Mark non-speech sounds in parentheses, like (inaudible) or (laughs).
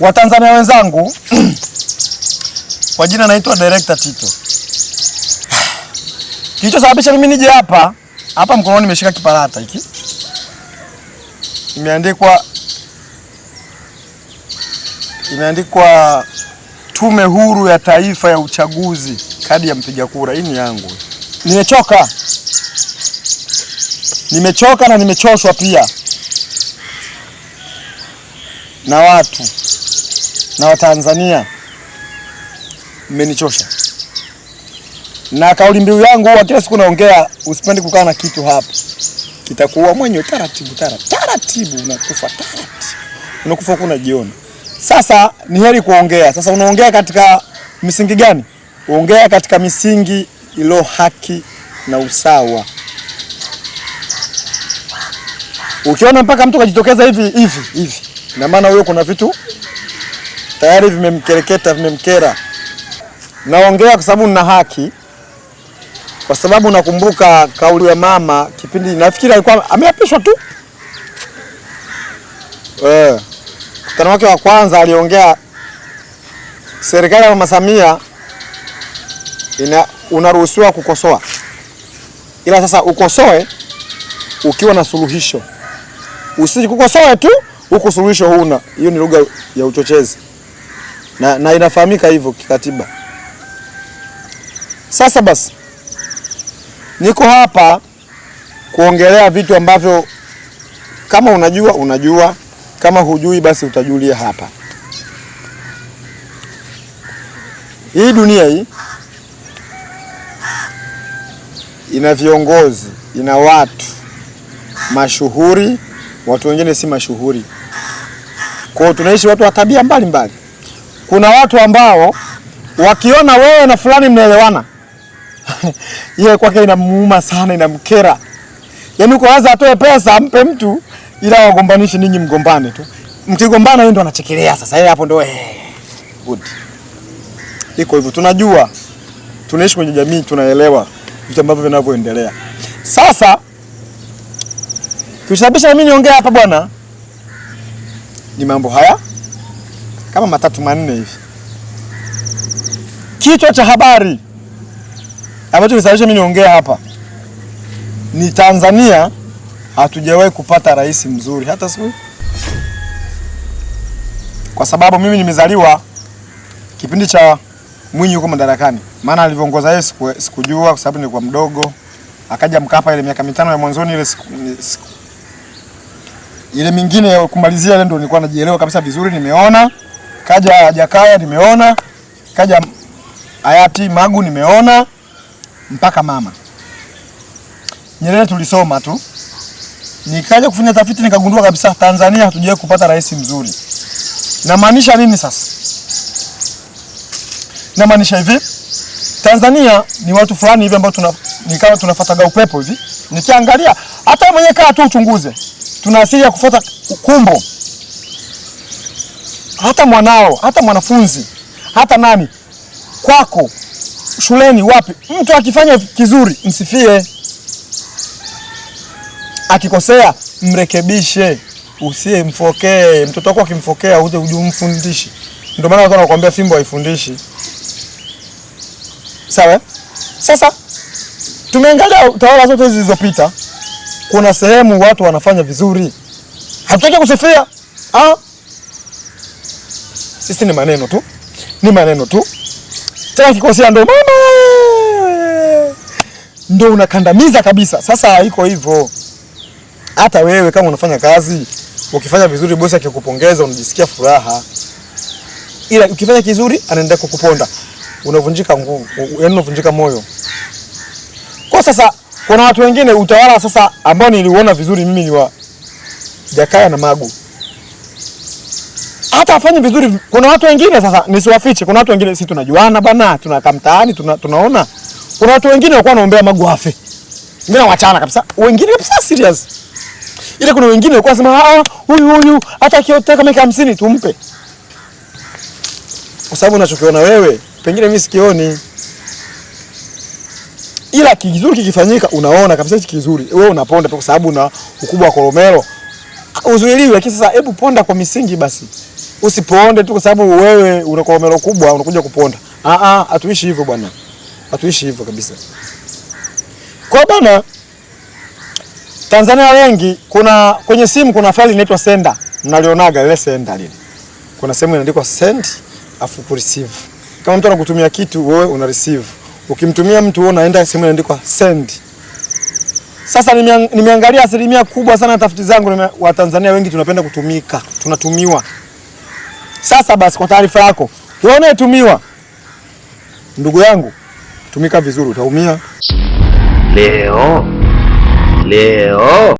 Watanzania wenzangu, kwa jina naitwa Director Tito. Kilichosababisha mimi nije hapa hapa, mkononi nimeshika kiparata hiki, imeandikwa imeandikwa Tume Huru ya Taifa ya Uchaguzi, kadi ya mpiga kura. Hii ni yangu. Nimechoka, nimechoka na nimechoshwa pia na watu na Watanzania, mmenichosha na kauli mbiu yangu huwa kila siku naongea, usipende kukaa na kitu hapa, kitakuwa mwenye taratibu taratibu, unakufa taratibu, unakufa kuna unajiona. Sasa ni heri kuongea. Sasa unaongea katika misingi gani? Ongea katika misingi ilo haki na usawa. Ukiona mpaka mtu kajitokeza hivi hivi hivi, na maana huyo kuna vitu tayari vimemkereketa, vimemkera. Naongea kwa sababu nina haki, kwa sababu nakumbuka kauli ya mama kipindi nafikiri alikuwa ameapishwa tu eh, mkutano wake wa kwanza aliongea, serikali ya mama Samia ina unaruhusiwa kukosoa, ila sasa ukosoe ukiwa na suluhisho, usikukosoe tu huku suluhisho huna. Hiyo ni lugha ya uchochezi na, na inafahamika hivyo kikatiba. Sasa basi, niko hapa kuongelea vitu ambavyo kama unajua unajua, kama hujui basi utajulia hapa. Hii dunia hii ina viongozi, ina watu mashuhuri, watu wengine si mashuhuri. Kwao tunaishi watu wa tabia mbalimbali kuna watu ambao wakiona wewe na fulani mnaelewana (laughs) yeye kwake inamuuma sana, inamkera. Yaani uko waza atoe pesa ampe mtu ila wagombanishe ninyi mgombane tu. Mkigombana yeye ndo anachekelea sasa. Yeye hapo ndo eh. Good. Iko hivyo tunajua. Tunaishi kwenye jamii tunaelewa vitu ambavyo vinavyoendelea. Sasa Kisababisha mimi niongea hapa bwana ni mambo haya kama matatu manne hivi. Kichwa cha habari ambacho kisababisha mimi niongee hapa ni Tanzania hatujawahi kupata rais mzuri hata siku, kwa sababu mimi nimezaliwa kipindi cha Mwinyi huko madarakani, maana alivyoongoza yeye sikujua kwa sababu nilikuwa mdogo. Akaja Mkapa ile miaka mitano ya mwanzoni ile siku, ile mingine ya kumalizia ile ndio nilikuwa najielewa kabisa vizuri, nimeona kaja Jakaya nimeona, kaja hayati Magu nimeona, mpaka mama Nyerere tulisoma tu. Nikaja kufanya tafiti nikagundua kabisa Tanzania hatujawahi kupata rais mzuri. Namaanisha nini sasa? Namaanisha hivi, Tanzania ni watu fulani hivi ambao tuna ni kama tunafataga upepo hivi. Nikiangalia hata mwenyewe kaa tu uchunguze, tuna asili ya kufuata kumbo hata mwanao, hata mwanafunzi, hata nani kwako shuleni, wapi, mtu akifanya kizuri msifie, akikosea mrekebishe, usiemfokee mtoto wako. Akimfokea uje ujumfundishi. Ndio maana watu wanakuambia fimbo haifundishi. Sawa. Eh? Sasa tumeangalia tawala zote hizi zilizopita, kuna sehemu watu wanafanya vizuri, hatutaki kusifia ah. Sisi ni maneno tu, ni maneno tu. Tena kikosea ndo mama, ndo unakandamiza kabisa. Sasa haiko hivyo. Hata wewe kama unafanya kazi ukifanya vizuri, bosi akikupongeza unajisikia furaha, ila ukifanya kizuri anaendelea kukuponda, unavunjika nguvu, yaani unavunjika moyo. Kwa sasa kuna watu wengine utawala sasa ambao niliuona vizuri mimi ni wa Jakaya na Magu hata afanye vizuri. Kuna watu wengine sasa, nisiwafiche, kuna watu wengine si tunajuana bana, tunakaa mtaani tuna, tunaona kuna watu wengine walikuwa wanaombea magwafe, mimi na wachana kabisa, wengine kabisa serious ile. Kuna wengine walikuwa nasema ah, huyu huyu hata akioteka kama hamsini tumpe, kwa sababu unachokiona wewe pengine mimi sikioni, ila kizuri kikifanyika unaona kabisa hichi kizuri, wewe unaponda kwa sababu na ukubwa wa koromero uzuiliwe. Lakini sasa hebu ponda kwa misingi basi usiponde tu kwa sababu wewe unakuwa melo kubwa unakuja kuponda. Ah ah, hatuishi hivyo bwana. Hatuishi hivyo kabisa. Kwa bwana Tanzania wengi kuna kwenye simu kuna faili inaitwa senda. Mnalionaga ile senda lile. Kuna sehemu inaandikwa send afu ku receive. Kama mtu anakutumia kitu wewe una receive. Ukimtumia mtu wewe unaenda sehemu inaandikwa send. Sasa nimeangalia asilimia kubwa sana tafiti zangu, wa Tanzania wengi tunapenda kutumika, tunatumiwa sasa basi, kwa taarifa yako, kila unayetumiwa ndugu yangu, tumika vizuri, utaumia leo leo.